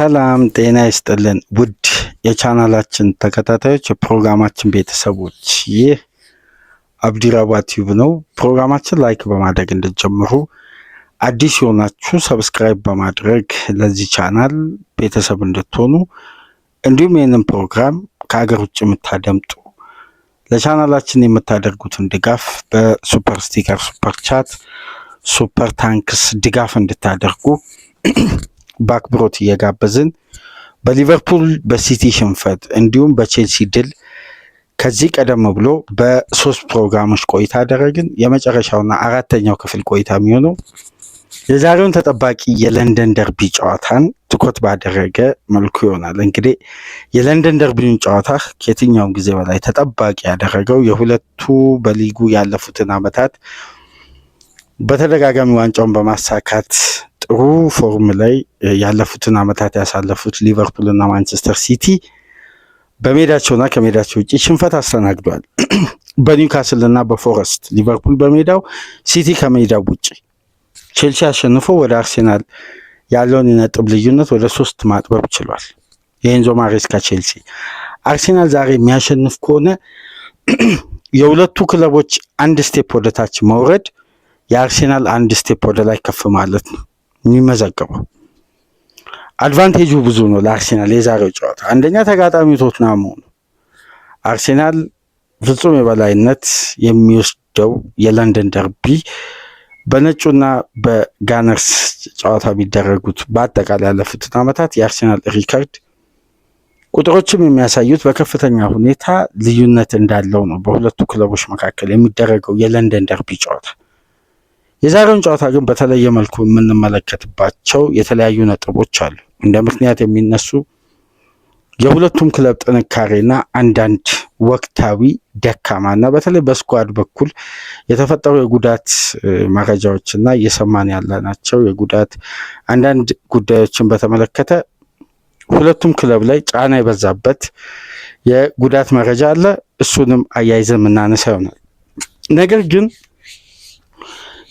ሰላም ጤና ይስጥልን ውድ የቻናላችን ተከታታዮች፣ የፕሮግራማችን ቤተሰቦች ይህ አብዲራባ ቲዩብ ነው። ፕሮግራማችን ላይክ በማድረግ እንድትጀምሩ አዲስ የሆናችሁ ሰብስክራይብ በማድረግ ለዚህ ቻናል ቤተሰብ እንድትሆኑ እንዲሁም ይህንን ፕሮግራም ከሀገር ውጭ የምታደምጡ ለቻናላችን የምታደርጉትን ድጋፍ በሱፐር ስቲከር፣ ሱፐር ቻት፣ ሱፐር ታንክስ ድጋፍ እንድታደርጉ በአክብሮት እየጋበዝን በሊቨርፑል በሲቲ ሽንፈት እንዲሁም በቼልሲ ድል ከዚህ ቀደም ብሎ በሶስት ፕሮግራሞች ቆይታ አደረግን። የመጨረሻውና አራተኛው ክፍል ቆይታ የሚሆነው የዛሬውን ተጠባቂ የለንደን ደርቢ ጨዋታን ትኩረት ባደረገ መልኩ ይሆናል። እንግዲህ የለንደን ደርቢን ጨዋታ ከየትኛውም ጊዜ በላይ ተጠባቂ ያደረገው የሁለቱ በሊጉ ያለፉትን ዓመታት በተደጋጋሚ ዋንጫውን በማሳካት ጥሩ ፎርም ላይ ያለፉትን ዓመታት ያሳለፉት ሊቨርፑልና ማንቸስተር ሲቲ በሜዳቸውና ከሜዳቸው ውጭ ሽንፈት አስተናግዷል። እና በፎረስት ሊቨርፑል በሜዳው ሲቲ ከሜዳው ውጭ። ቼልሲ አሸንፎ ወደ አርሴናል ያለውን የነጥብ ልዩነት ወደ ሶስት ማጥበብ ችሏል። የኤንዞ ማሬስካ ቼልሲ። አርሴናል ዛሬ የሚያሸንፍ ከሆነ የሁለቱ ክለቦች አንድ ስቴፕ ወደታች መውረድ፣ የአርሴናል አንድ ስቴፕ ወደ ላይ ከፍ ማለት ነው። የሚመዘገበው። አድቫንቴጁ ብዙ ነው ለአርሴናል የዛሬው ጨዋታ። አንደኛ ተጋጣሚ ቶትናም አርሴናል ፍጹም የበላይነት የሚወስደው የለንደን ደርቢ በነጩና በጋነርስ ጨዋታ የሚደረጉት በአጠቃላይ ያለፉትን ዓመታት የአርሴናል ሪከርድ ቁጥሮችም የሚያሳዩት በከፍተኛ ሁኔታ ልዩነት እንዳለው ነው። በሁለቱ ክለቦች መካከል የሚደረገው የለንደን ደርቢ ጨዋታ የዛሬውን ጨዋታ ግን በተለየ መልኩ የምንመለከትባቸው የተለያዩ ነጥቦች አሉ። እንደ ምክንያት የሚነሱ የሁለቱም ክለብ ጥንካሬና አንዳንድ ወቅታዊ ደካማና በተለይ በስኳድ በኩል የተፈጠሩ የጉዳት መረጃዎችና እየሰማን ናቸው። የጉዳት አንዳንድ ጉዳዮችን በተመለከተ ሁለቱም ክለብ ላይ ጫና የበዛበት የጉዳት መረጃ አለ። እሱንም አያይዘን የምናነሳ ይሆናል። ነገር ግን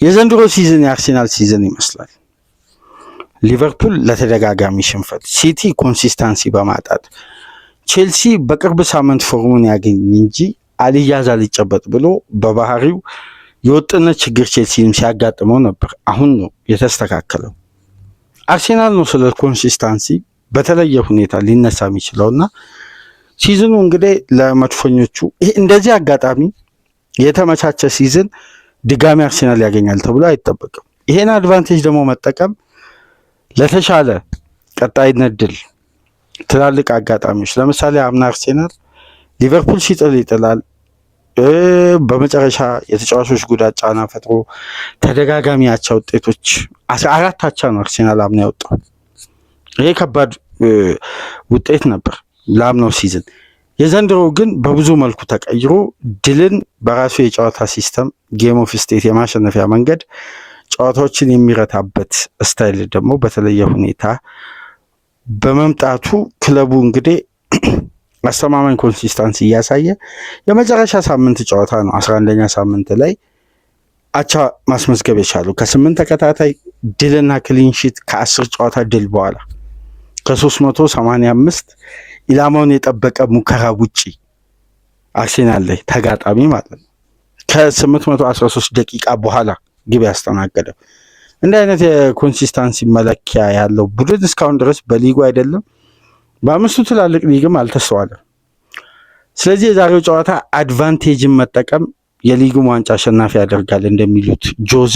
የዘንድሮ ሲዝን የአርሴናል ሲዝን ይመስላል። ሊቨርፑል ለተደጋጋሚ ሽንፈት፣ ሲቲ ኮንሲስታንሲ በማጣት ቼልሲ በቅርብ ሳምንት ፎርሙን ያገኝ እንጂ አልያዝ አልጨበጥ ብሎ በባህሪው የወጥነት ችግር ቼልሲም ሲያጋጥመው ነበር። አሁን ነው የተስተካከለው። አርሴናል ነው ስለ ኮንሲስታንሲ በተለየ ሁኔታ ሊነሳ የሚችለው ና ሲዝኑ እንግዲህ ለመድፈኞቹ ይህ እንደዚህ አጋጣሚ የተመቻቸ ሲዝን ድጋሚ አርሴናል ያገኛል ተብሎ አይጠበቅም። ይሄን አድቫንቴጅ ደግሞ መጠቀም ለተሻለ ቀጣይነት ድል ትላልቅ አጋጣሚዎች ለምሳሌ አምና አርሴናል ሊቨርፑል ሲጥል ይጥላል። በመጨረሻ የተጫዋቾች ጉዳት ጫና ፈጥሮ ተደጋጋሚ አቻ ውጤቶች አስራ አራት አቻ ነው አርሴናል አምና ያወጣው። ይሄ ከባድ ውጤት ነበር ለአምናው ሲዝን። የዘንድሮው ግን በብዙ መልኩ ተቀይሮ ድልን በራሱ የጨዋታ ሲስተም ጌም ኦፍ ስቴት የማሸነፊያ መንገድ ጨዋታዎችን የሚረታበት ስታይል ደግሞ በተለየ ሁኔታ በመምጣቱ ክለቡ እንግዲህ አስተማማኝ ኮንሲስታንስ እያሳየ የመጨረሻ ሳምንት ጨዋታ ነው። አስራ አንደኛ ሳምንት ላይ አቻ ማስመዝገብ የቻሉ ከስምንት ተከታታይ ድልና ክሊንሺት ከአስር ጨዋታ ድል በኋላ ከሶስት መቶ ሰማንያ አምስት ኢላማውን የጠበቀ ሙከራ ውጪ አርሴናል ላይ ተጋጣሚ ማለት ነው ከ813 ደቂቃ በኋላ ግብ ያስተናገደው እንዲህ አይነት የኮንሲስታንሲ መለኪያ ያለው ቡድን እስካሁን ድረስ በሊጉ አይደለም በአምስቱ ትላልቅ ሊግም አልተስተዋለም። ስለዚህ የዛሬው ጨዋታ አድቫንቴጅን መጠቀም የሊጉም ዋንጫ አሸናፊ ያደርጋል እንደሚሉት ጆዜ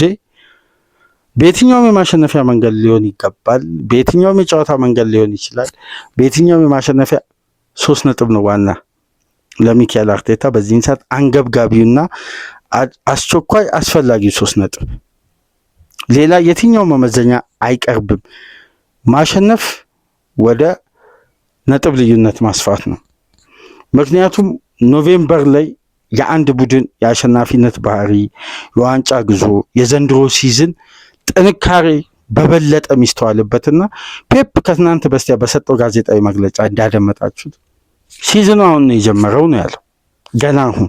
በየትኛውም የማሸነፊያ መንገድ ሊሆን ይገባል። በየትኛውም የጨዋታ መንገድ ሊሆን ይችላል። በየትኛውም የማሸነፊያ ሶስት ነጥብ ነው ዋና ለሚካኤል አርቴታ በዚህን ሰዓት አንገብጋቢውና አስቸኳይ አስፈላጊው ሶስት ነጥብ። ሌላ የትኛው መመዘኛ አይቀርብም። ማሸነፍ ወደ ነጥብ ልዩነት ማስፋት ነው። ምክንያቱም ኖቬምበር ላይ የአንድ ቡድን የአሸናፊነት ባህሪ፣ የዋንጫ ጉዞ፣ የዘንድሮ ሲዝን ጥንካሬ በበለጠ የሚስተዋልበትና ፔፕ ከትናንት በስቲያ በሰጠው ጋዜጣዊ መግለጫ እንዳደመጣችሁት ሲዝኑ አሁን ነው የጀመረው ነው ያለው፣ ገና አሁን።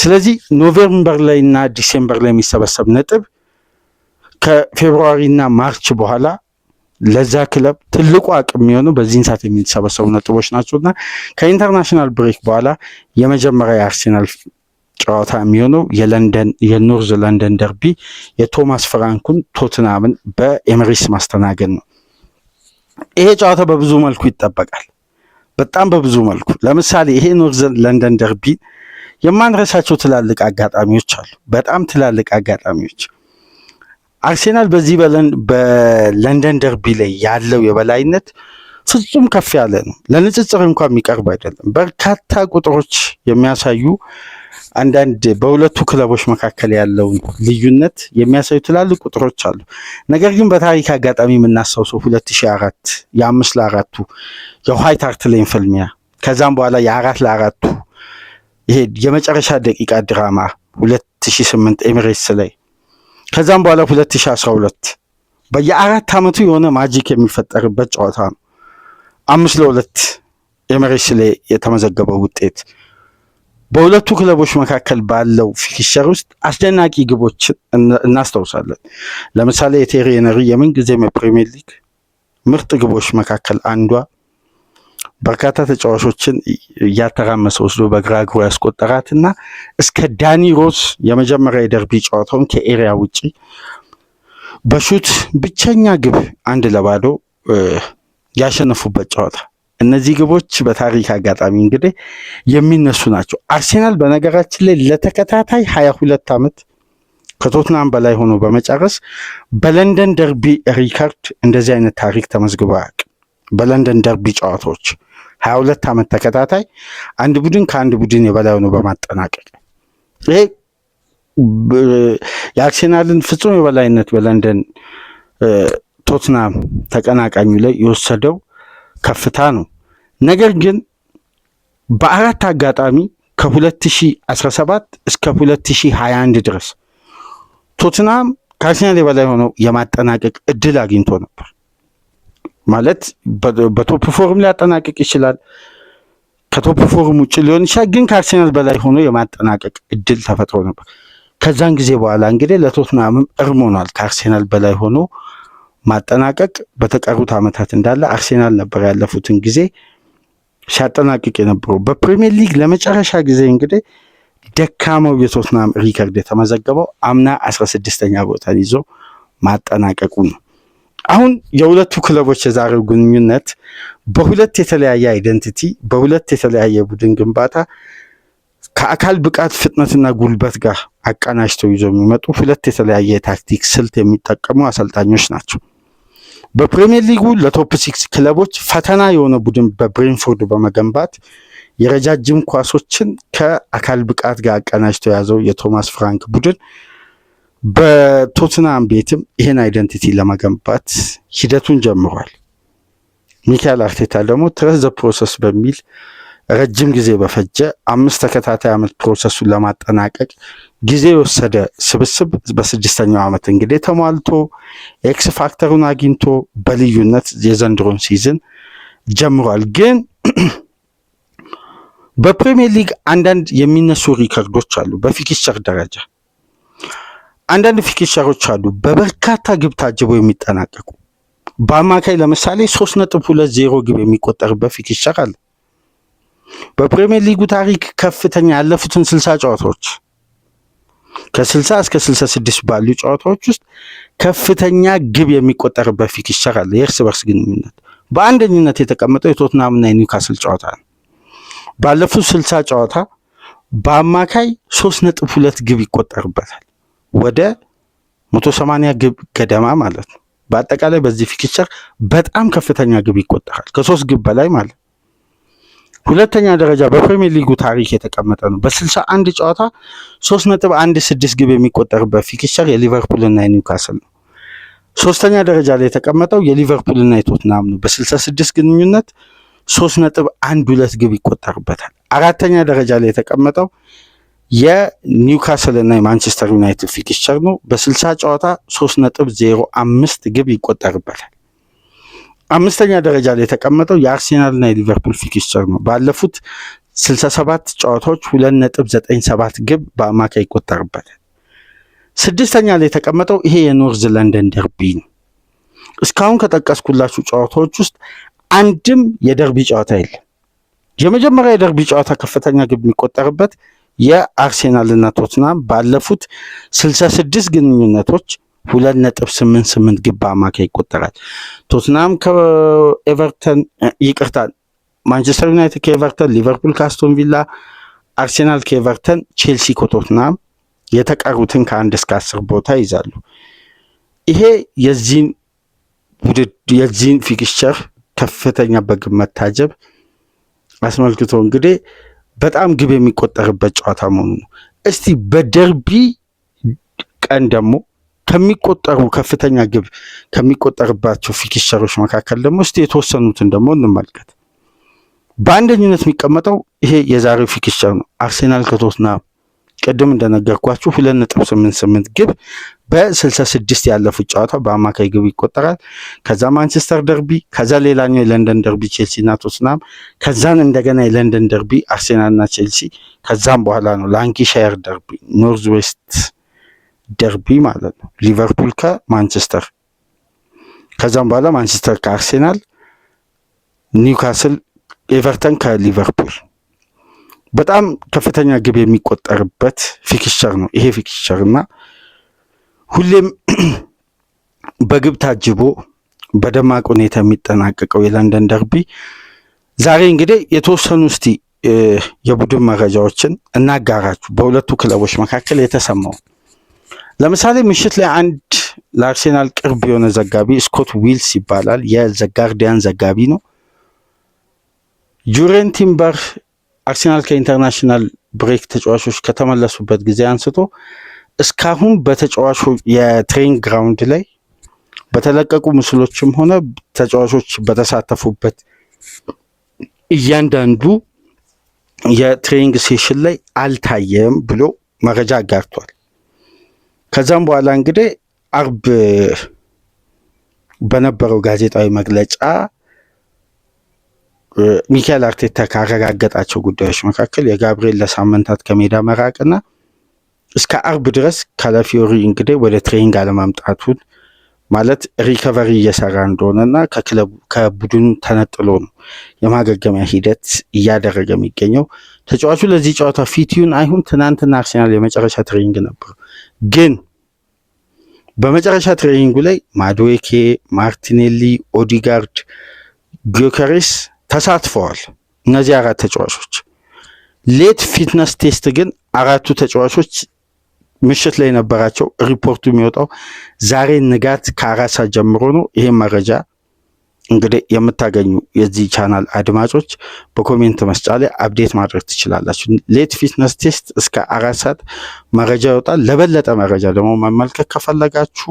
ስለዚህ ኖቬምበር ላይ እና ዲሴምበር ላይ የሚሰበሰብ ነጥብ ከፌብርዋሪና ማርች በኋላ ለዛ ክለብ ትልቁ አቅም የሚሆነው በዚህን ሰዓት የሚሰበሰቡ ነጥቦች ናቸው እና ከኢንተርናሽናል ብሬክ በኋላ የመጀመሪያ የአርሴናል ጨዋታ የሚሆነው የለንደን የኖርዝ ለንደን ደርቢ የቶማስ ፍራንኩን ቶትናምን በኤምሬስ ማስተናገድ ነው። ይሄ ጨዋታ በብዙ መልኩ ይጠበቃል። በጣም በብዙ መልኩ ለምሳሌ ይሄ ኖርዝ ለንደን ደርቢ የማንረሳቸው ትላልቅ አጋጣሚዎች አሉ። በጣም ትላልቅ አጋጣሚዎች አርሴናል በዚህ በለንደን ደርቢ ላይ ያለው የበላይነት ፍጹም ከፍ ያለ ነው። ለንጽጽር እንኳ የሚቀርብ አይደለም። በርካታ ቁጥሮች የሚያሳዩ አንዳንድ በሁለቱ ክለቦች መካከል ያለው ልዩነት የሚያሳዩ ትላልቅ ቁጥሮች አሉ። ነገር ግን በታሪክ አጋጣሚ የምናስታውሰው ሁለት ሺህ አራት የአምስት ለአራቱ የዋይት ሃርት ሌን ፍልሚያ ከዛም በኋላ የአራት ለአራቱ ይሄ የመጨረሻ ደቂቃ ድራማ ሁለት ስምንት ኤሚሬትስ ላይ ከዛም በኋላ ሁለት አስራ ሁለት በየአራት ዓመቱ የሆነ ማጂክ የሚፈጠርበት ጨዋታ ነው። አምስት ለሁለት የመሬት ላይ የተመዘገበው ውጤት በሁለቱ ክለቦች መካከል ባለው ፊክሸር ውስጥ አስደናቂ ግቦች እናስታውሳለን። ለምሳሌ የቴሪ ኤነሪ የምንጊዜም የፕሪሚየር ሊግ ምርጥ ግቦች መካከል አንዷ በርካታ ተጫዋቾችን እያተራመሰ ወስዶ በግራ እግሩ ያስቆጠራትና እስከ ዳኒ ሮስ የመጀመሪያ የደርቢ ጨዋታውን ከኤሪያ ውጪ በሹት ብቸኛ ግብ አንድ ለባዶ ያሸነፉበት ጨዋታ። እነዚህ ግቦች በታሪክ አጋጣሚ እንግዲህ የሚነሱ ናቸው። አርሴናል በነገራችን ላይ ለተከታታይ ሀያ ሁለት ዓመት ከቶትናም በላይ ሆኖ በመጨረስ በለንደን ደርቢ ሪከርድ እንደዚህ አይነት ታሪክ ተመዝግቦ አያውቅም። በለንደን ደርቢ ጨዋታዎች ሀያ ሁለት ዓመት ተከታታይ አንድ ቡድን ከአንድ ቡድን የበላይ ሆኖ በማጠናቀቅ ይሄ የአርሴናልን ፍጹም የበላይነት በለንደን ቶትናም ተቀናቃኙ ላይ የወሰደው ከፍታ ነው። ነገር ግን በአራት አጋጣሚ ከ2017 እስከ 2021 ድረስ ቶትናም ከአርሰናል የበላይ ሆነው የማጠናቀቅ እድል አግኝቶ ነበር። ማለት በቶፕ ፎርም ሊያጠናቀቅ ይችላል፣ ከቶፕ ፎርም ውጭ ሊሆን ይችላል። ግን ከአርሰናል በላይ ሆኖ የማጠናቀቅ እድል ተፈጥሮ ነበር። ከዛን ጊዜ በኋላ እንግዲህ ለቶትናምም እርሞኗል ከአርሰናል በላይ ሆኖ ማጠናቀቅ በተቀሩት ዓመታት እንዳለ አርሴናል ነበር ያለፉትን ጊዜ ሲያጠናቅቅ የነበረው። በፕሪሚየር ሊግ ለመጨረሻ ጊዜ እንግዲህ ደካማው የቶትናም ሪከርድ የተመዘገበው አምና 16ኛ ቦታን ይዞ ማጠናቀቁ ነው። አሁን የሁለቱ ክለቦች የዛሬው ግንኙነት በሁለት የተለያየ አይደንቲቲ፣ በሁለት የተለያየ ቡድን ግንባታ ከአካል ብቃት ፍጥነትና ጉልበት ጋር አቀናጅተው ይዞ የሚመጡ ሁለት የተለያየ ታክቲክ ስልት የሚጠቀሙ አሰልጣኞች ናቸው። በፕሪሚየር ሊጉ ለቶፕ ሲክስ ክለቦች ፈተና የሆነ ቡድን በብሬንፎርድ በመገንባት የረጃጅም ኳሶችን ከአካል ብቃት ጋር አቀናጅቶ የያዘው የቶማስ ፍራንክ ቡድን በቶትናም ቤትም ይህን አይደንቲቲ ለመገንባት ሂደቱን ጀምሯል። ሚካኤል አርቴታ ደግሞ ትረስ ዘ ፕሮሰስ በሚል ረጅም ጊዜ በፈጀ አምስት ተከታታይ ዓመት ፕሮሰሱን ለማጠናቀቅ ጊዜ የወሰደ ስብስብ በስድስተኛው ዓመት እንግዲህ ተሟልቶ ኤክስ ፋክተሩን አግኝቶ በልዩነት የዘንድሮን ሲዝን ጀምሯል። ግን በፕሪሚየር ሊግ አንዳንድ የሚነሱ ሪከርዶች አሉ። በፊክቸር ደረጃ አንዳንድ ፊክቸሮች አሉ በበርካታ ግብ ታጅበው የሚጠናቀቁ በአማካይ ለምሳሌ ሶስት ነጥብ ሁለት ዜሮ ግብ የሚቆጠርበት ፊክስቸር አለ። በፕሪሚየር ሊጉ ታሪክ ከፍተኛ ያለፉትን ስልሳ ጨዋታዎች ከ60 እስከ 66 ባሉ ጨዋታዎች ውስጥ ከፍተኛ ግብ የሚቆጠርበት ፊክስቸር አለ። የእርስ በርስ ግንኙነት በአንደኝነት የተቀመጠው የቶትናም እና የኒውካስል ጨዋታ ነው። ባለፉት 60 ጨዋታ በአማካይ 3.2 ግብ ይቆጠርበታል። ወደ 180 ግብ ገደማ ማለት ነው። በአጠቃላይ በዚህ ፊክስቸር በጣም ከፍተኛ ግብ ይቆጠራል፣ ከሶስት ግብ በላይ ማለት ሁለተኛ ደረጃ በፕሪሚየር ሊጉ ታሪክ የተቀመጠ ነው በስልሳ አንድ ጨዋታ ስድስት ግብ የሚቆጠርበት ፊክቸር የሊቨርፑልና የኒውካስል ነው። ሶስተኛ ደረጃ ላይ የተቀመጠው የሊቨርፑልና የቶትናም ነው በስልሳ ስድስት ግንኙነት ነጥብ ሁለት ግብ ይቆጠርበታል። አራተኛ ደረጃ ላይ የተቀመጠው የኒውካስል እና የማንቸስተር ዩናይትድ ፊክቸር ነው ሶስት ነጥብ ዜሮ አምስት ግብ ይቆጠርበታል። አምስተኛ ደረጃ ላይ የተቀመጠው የአርሴናልና የሊቨርፑል ፊክስቸር ነው። ባለፉት 67 ጨዋታዎች 2.97 ግብ በአማካይ ይቆጠርበታል። ስድስተኛ ላይ የተቀመጠው ይሄ የኖርዝ ለንደን ደርቢ ነው። እስካሁን ከጠቀስኩላችሁ ጨዋታዎች ውስጥ አንድም የደርቢ ጨዋታ የለም። የመጀመሪያ የደርቢ ጨዋታ ከፍተኛ ግብ የሚቆጠርበት የአርሴናልና ቶትናም ባለፉት 66 ግንኙነቶች ሁለት ነጥብ ስምንት ስምንት ግብ አማካይ ይቆጠራል። ቶትናም ከኤቨርተን ይቅርታል፣ ማንቸስተር ዩናይትድ ከኤቨርተን፣ ሊቨርፑል ከአስቶን ቪላ፣ አርሴናል ከኤቨርተን፣ ቼልሲ ከቶትናም የተቀሩትን ከአንድ እስከ አስር ቦታ ይዛሉ። ይሄ የዚህን ውድድር የዚህን ፊክስቸር ከፍተኛ በግብ መታጀብ አስመልክቶ እንግዲህ በጣም ግብ የሚቆጠርበት ጨዋታ መሆኑ ነው። እስቲ በደርቢ ቀን ደግሞ ከሚቆጠሩ ከፍተኛ ግብ ከሚቆጠርባቸው ፊክስቸሮች መካከል ደግሞ እስቲ የተወሰኑትን ደግሞ እንመልከት። በአንደኝነት የሚቀመጠው ይሄ የዛሬው ፊክስቸር ነው። አርሴናል ከቶትናም ቅድም እንደነገርኳችሁ ሁለት ነጥብ ስምንት ስምንት ግብ በስልሳ ስድስት ያለፉት ጨዋታ በአማካይ ግብ ይቆጠራል። ከዛ ማንቸስተር ደርቢ፣ ከዛ ሌላኛው የለንደን ደርቢ ቼልሲና ቶትናም፣ ከዛን እንደገና የለንደን ደርቢ አርሴናልና ቼልሲ፣ ከዛም በኋላ ነው ላንኪሻየር ደርቢ ኖርዝ ዌስት ደርቢ ማለት ነው። ሊቨርፑል ከማንቸስተር ከዛም በኋላ ማንቸስተር ከአርሴናል፣ ኒውካስል፣ ኤቨርተን ከሊቨርፑል በጣም ከፍተኛ ግብ የሚቆጠርበት ፊክስቸር ነው ይሄ ፊክስቸር እና ሁሌም በግብ ታጅቦ በደማቅ ሁኔታ የሚጠናቀቀው የለንደን ደርቢ ዛሬ እንግዲህ የተወሰኑ እስቲ የቡድን መረጃዎችን እናጋራችሁ በሁለቱ ክለቦች መካከል የተሰማው ለምሳሌ ምሽት ላይ አንድ ለአርሴናል ቅርብ የሆነ ዘጋቢ ስኮት ዊልስ ይባላል። የዘጋርዲያን ዘጋቢ ነው። ጁሬን ቲምበር አርሴናል ከኢንተርናሽናል ብሬክ ተጫዋቾች ከተመለሱበት ጊዜ አንስቶ እስካሁን በተጫዋቾ የትሬን ግራውንድ ላይ በተለቀቁ ምስሎችም ሆነ ተጫዋቾች በተሳተፉበት እያንዳንዱ የትሬኒንግ ሴሽን ላይ አልታየም ብሎ መረጃ አጋርቷል። ከዛም በኋላ እንግዲህ አርብ በነበረው ጋዜጣዊ መግለጫ ሚካኤል አርቴታ ካረጋገጣቸው ጉዳዮች መካከል የጋብርኤል ለሳምንታት ከሜዳ መራቅና እስከ አርብ ድረስ ካላፊዮሪ እንግዲህ ወደ ትሬኒንግ አለማምጣቱን ማለት ሪከቨሪ እየሰራ እንደሆነና ከቡድኑ ተነጥሎ ነው የማገገሚያ ሂደት እያደረገ የሚገኘው። ተጫዋቹ ለዚህ ጨዋታ ፊት ይሁን አይሁን ትናንትና አርሴናል የመጨረሻ ትሬኒንግ ነበር ግን በመጨረሻ ትሬኒንጉ ላይ ማድዌኬ፣ ማርቲኔሊ፣ ኦዲጋርድ፣ ጊዮከሬስ ተሳትፈዋል። እነዚህ አራት ተጫዋቾች ሌት ፊትነስ ቴስት ግን አራቱ ተጫዋቾች ምሽት ላይ ነበራቸው። ሪፖርቱ የሚወጣው ዛሬ ንጋት ከአራት ሰዓት ጀምሮ ነው። ይህም መረጃ እንግዲህ የምታገኙ የዚህ ቻናል አድማጮች በኮሜንት መስጫ ላይ አብዴት ማድረግ ትችላላችሁ። ሌት ፊትነስ ቴስት እስከ አራት ሰዓት መረጃ ይወጣል። ለበለጠ መረጃ ደግሞ መመልከት ከፈለጋችሁ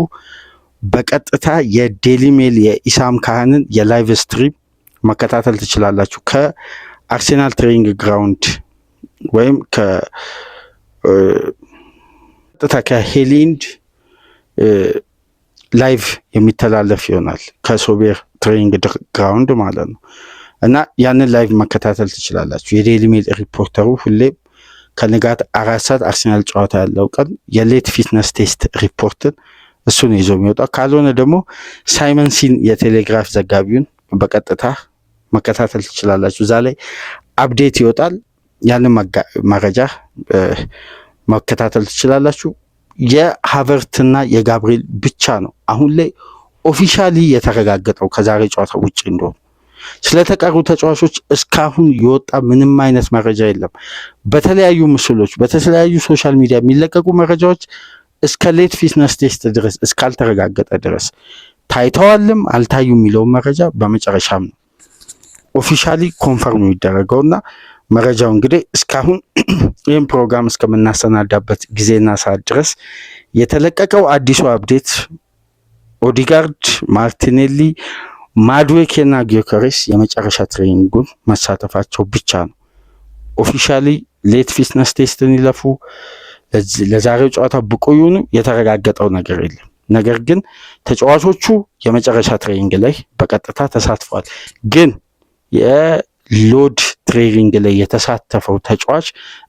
በቀጥታ የዴሊ ሜል የኢሳም ካህንን የላይቭ ስትሪም መከታተል ትችላላችሁ ከአርሴናል ትሬኒንግ ግራውንድ ወይም ከቀጥታ ከሄሊንድ ላይቭ የሚተላለፍ ይሆናል ከሶቤር ትሬኒንግ ግራውንድ ማለት ነው። እና ያንን ላይቭ መከታተል ትችላላችሁ። የዴይሊ ሜል ሪፖርተሩ ሁሌም ከንጋት አራት ሰዓት አርሰናል ጨዋታ ያለው ቀን የሌት ፊትነስ ቴስት ሪፖርትን እሱ ነው ይዞ የሚወጣው። ካልሆነ ደግሞ ሳይመን ሲን የቴሌግራፍ ዘጋቢውን በቀጥታ መከታተል ትችላላችሁ። እዛ ላይ አፕዴት ይወጣል። ያንን መረጃ መከታተል ትችላላችሁ። የሀቨርትና የጋብሪኤል ብቻ ነው አሁን ላይ ኦፊሻሊ የተረጋገጠው ከዛሬ ጨዋታ ውጭ እንደሆነ። ስለተቀሩ ተጫዋቾች እስካሁን የወጣ ምንም አይነት መረጃ የለም። በተለያዩ ምስሎች፣ በተለያዩ ሶሻል ሚዲያ የሚለቀቁ መረጃዎች እስከ ሌት ፊትነስ ቴስት ድረስ እስካልተረጋገጠ ድረስ ታይተዋልም አልታዩ የሚለውን መረጃ በመጨረሻም ነው ኦፊሻሊ ኮንፈርም የሚደረገውና። መረጃው እንግዲህ እስካሁን ይህን ፕሮግራም እስከምናሰናዳበት ጊዜና ሰዓት ድረስ የተለቀቀው አዲሱ አብዴት ኦዲጋርድ፣ ማርቲኔሊ፣ ማድዌኬና ጊዮከሬስ የመጨረሻ ትሬኒንጉን መሳተፋቸው ብቻ ነው። ኦፊሻሊ ሌት ፊትነስ ቴስትን ይለፉ ለዛሬው ጨዋታ ብቁ ይሁኑ የተረጋገጠው ነገር የለም። ነገር ግን ተጫዋቾቹ የመጨረሻ ትሬኒንግ ላይ በቀጥታ ተሳትፏል። ግን የሎድ ትሬኒንግ ላይ የተሳተፈው ተጫዋች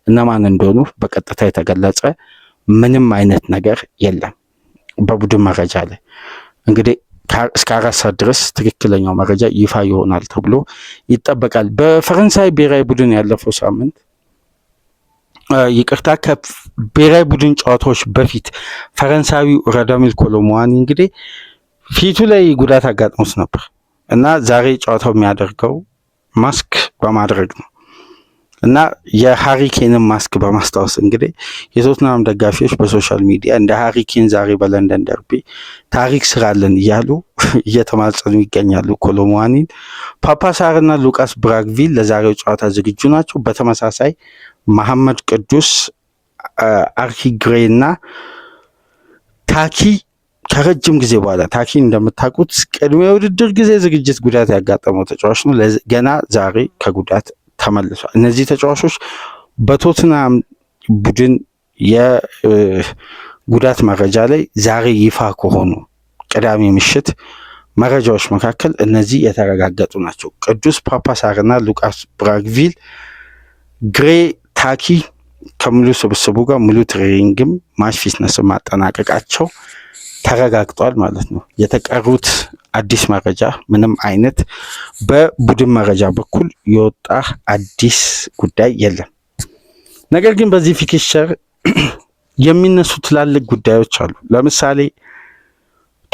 እነማን እንደሆኑ በቀጥታ የተገለጸ ምንም አይነት ነገር የለም። በቡድን መረጃ ላይ እንግዲህ እስከ አራት ሰዓት ድረስ ትክክለኛው መረጃ ይፋ ይሆናል ተብሎ ይጠበቃል። በፈረንሳይ ብሔራዊ ቡድን ያለፈው ሳምንት ይቅርታ ከብሔራዊ ቡድን ጨዋታዎች በፊት ፈረንሳዊው ራዳሚል ኮሎሙዋኒ እንግዲህ ፊቱ ላይ ጉዳት አጋጥሞት ነበር እና ዛሬ ጨዋታው የሚያደርገው ማስክ በማድረግ ነው እና የሃሪኬንን ማስክ በማስታወስ እንግዲህ የቶትናም ደጋፊዎች በሶሻል ሚዲያ እንደ ሃሪኬን ዛሬ በለንደን ደርቢ ታሪክ ስራለን እያሉ እየተማጸኑ ይገኛሉ። ኮሎሙዋኒን፣ ፓፓሳርና ሉቃስ ብራግቪል ለዛሬው ጨዋታ ዝግጁ ናቸው። በተመሳሳይ መሐመድ ቅዱስ አርኪግሬና ታኪ ከረጅም ጊዜ በኋላ ታኪ እንደምታውቁት ቅድመ ውድድር ጊዜ ዝግጅት ጉዳት ያጋጠመው ተጫዋች ነው። ገና ዛሬ ከጉዳት ተመልሷል። እነዚህ ተጫዋቾች በቶትናም ቡድን የጉዳት መረጃ ላይ ዛሬ ይፋ ከሆኑ ቅዳሜ ምሽት መረጃዎች መካከል እነዚህ የተረጋገጡ ናቸው። ቅዱስ ፓፓሳርና ሉቃስ ብራግቪል፣ ግሬ ታኪ ከሙሉ ስብስቡ ጋር ሙሉ ትሬኒንግም ማች ፊትነስን ማጠናቀቃቸው ተረጋግጧል ማለት ነው። የተቀሩት አዲስ መረጃ ምንም አይነት በቡድን መረጃ በኩል የወጣ አዲስ ጉዳይ የለም። ነገር ግን በዚህ ፊክስቸር የሚነሱ ትላልቅ ጉዳዮች አሉ። ለምሳሌ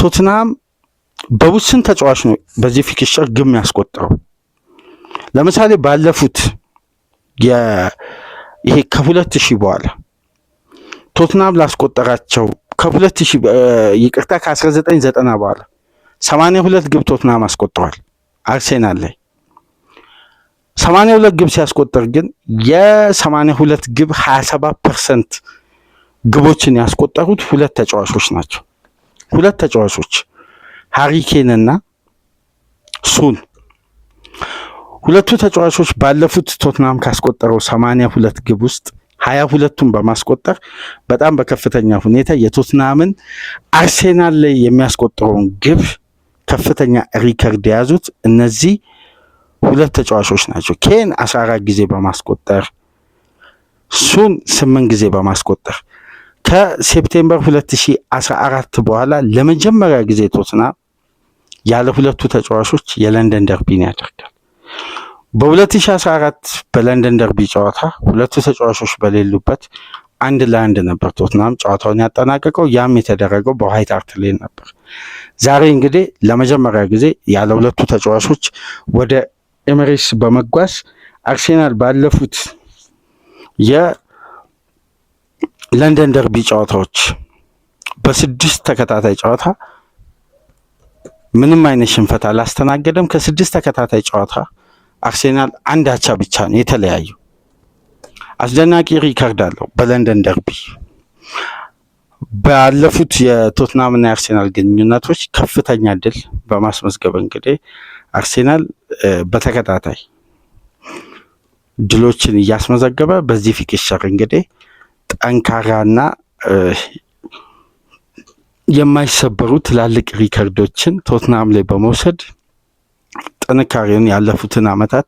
ቶትናም በውስን ተጫዋች ነው በዚህ ፊክስቸር ግብ ያስቆጠረው። ለምሳሌ ባለፉት ይሄ ከሁለት ሺህ በኋላ ቶትናም ላስቆጠራቸው ከሁለት ሺ ይቅርታ ከ ዘጠና በኋላ ሁለት ግብቶት ቶትናም አስቆጥሯል አርሴናል ላይ ሁለት ግብ ሲያስቆጥር ግን የ ሁለት ግብ ሰባት ፐርሰንት ግቦችን ያስቆጠሩት ሁለት ተጫዋቾች ናቸው። ሁለት ተጫዋቾች እና ሱን። ሁለቱ ተጫዋቾች ባለፉት ቶትናም ካስቆጠረው ሁለት ግብ ውስጥ ሀያ ሁለቱን በማስቆጠር በጣም በከፍተኛ ሁኔታ የቶትናምን አርሴናል ላይ የሚያስቆጥረውን ግብ ከፍተኛ ሪከርድ የያዙት እነዚህ ሁለት ተጫዋቾች ናቸው። ኬን አስራ አራት ጊዜ በማስቆጠር ሱን ስምንት ጊዜ በማስቆጠር ከሴፕቴምበር 2014 በኋላ ለመጀመሪያ ጊዜ ቶትናም ያለ ሁለቱ ተጫዋቾች የለንደን ደርቢን ያደርጋል። በ2014 በለንደን ደርቢ ጨዋታ ሁለቱ ተጫዋቾች በሌሉበት አንድ ለአንድ ነበር ቶትናም ጨዋታውን ያጠናቀቀው። ያም የተደረገው በዋይት ሃርት ሌን ነበር። ዛሬ እንግዲህ ለመጀመሪያ ጊዜ ያለ ሁለቱ ተጫዋቾች ወደ ኤምሬትስ በመጓዝ አርሴናል ባለፉት የለንደን ደርቢ ጨዋታዎች በስድስት ተከታታይ ጨዋታ ምንም አይነት ሽንፈት አላስተናገደም። ከስድስት ተከታታይ ጨዋታ አርሴናል አንድ አቻ ብቻ ነው የተለያዩ። አስደናቂ ሪከርድ አለው በለንደን ደርቢ። ባለፉት የቶትናምና የአርሴናል ግንኙነቶች ከፍተኛ ድል በማስመዝገብ እንግዲህ አርሴናል በተከታታይ ድሎችን እያስመዘገበ በዚህ ፊክሸር እንግዲህ ጠንካራና የማይሰበሩ ትላልቅ ሪከርዶችን ቶትናም ላይ በመውሰድ ጥንካሬውን ያለፉትን ዓመታት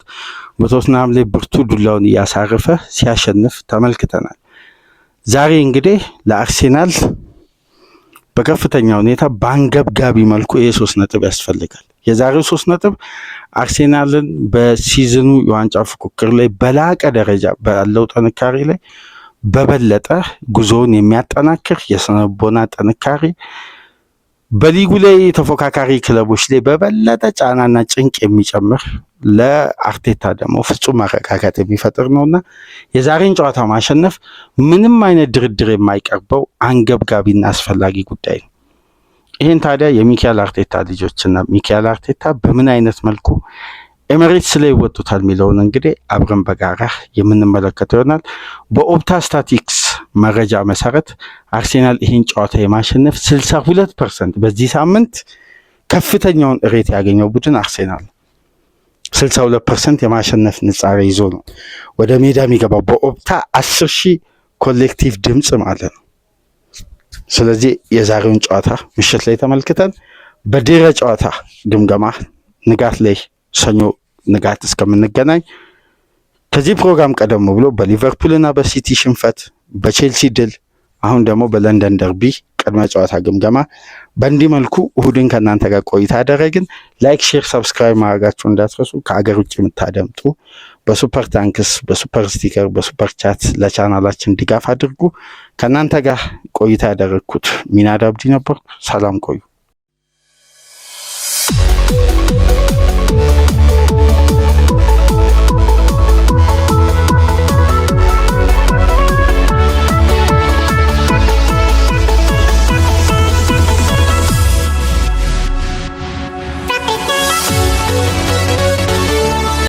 በቶትናም ላይ ብርቱ ዱላውን እያሳረፈ ሲያሸንፍ ተመልክተናል። ዛሬ እንግዲህ ለአርሴናል በከፍተኛ ሁኔታ በአንገብጋቢ መልኩ ይህ ሶስት ነጥብ ያስፈልጋል። የዛሬው ሶስት ነጥብ አርሴናልን በሲዝኑ የዋንጫ ፉክክር ላይ በላቀ ደረጃ ባለው ጥንካሬ ላይ በበለጠ ጉዞውን የሚያጠናክር የስነቦና ጥንካሬ በሊጉ ላይ ተፎካካሪ ክለቦች ላይ በበለጠ ጫናና ጭንቅ የሚጨምር ለአርቴታ ደግሞ ፍጹም መረጋጋት የሚፈጥር ነውና የዛሬን ጨዋታ ማሸነፍ ምንም አይነት ድርድር የማይቀርበው አንገብጋቢና አስፈላጊ ጉዳይ ነው። ይህን ታዲያ የሚካኤል አርቴታ ልጆችና ሚካኤል አርቴታ በምን አይነት መልኩ ኤሜሬትስ ላይ ይወጡታል የሚለውን እንግዲህ አብረን በጋራ የምንመለከተው ይሆናል። በኦፕታ ስታቲክስ መረጃ መሰረት አርሴናል ይህን ጨዋታ የማሸነፍ 62 ፐርሰንት፣ በዚህ ሳምንት ከፍተኛውን ሬት ያገኘው ቡድን አርሴናል 62 ፐርሰንት የማሸነፍ ንጻሬ ይዞ ነው ወደ ሜዳ የሚገባው። በኦፕታ 10 ሺህ ኮሌክቲቭ ድምፅ ማለት ነው። ስለዚህ የዛሬውን ጨዋታ ምሽት ላይ ተመልክተን በድረ ጨዋታ ግምገማ ንጋት ላይ ሰኞ ንጋት እስከምንገናኝ ከዚህ ፕሮግራም ቀደም ብሎ በሊቨርፑልና በሲቲ ሽንፈት በቼልሲ ድል፣ አሁን ደግሞ በለንደን ደርቢ ቅድመ ጨዋታ ግምገማ በእንዲህ መልኩ እሁድን ከእናንተ ጋር ቆይታ ያደረግን። ላይክ፣ ሼር፣ ሰብስክራይብ ማድረጋችሁ እንዳትረሱ። ከሀገር ውጭ የምታደምጡ በሱፐር ታንክስ፣ በሱፐር ስቲከር፣ በሱፐር ቻት ለቻናላችን ድጋፍ አድርጉ። ከእናንተ ጋር ቆይታ ያደረግኩት ሚናድ አብዲ ነበርኩ። ሰላም ቆዩ።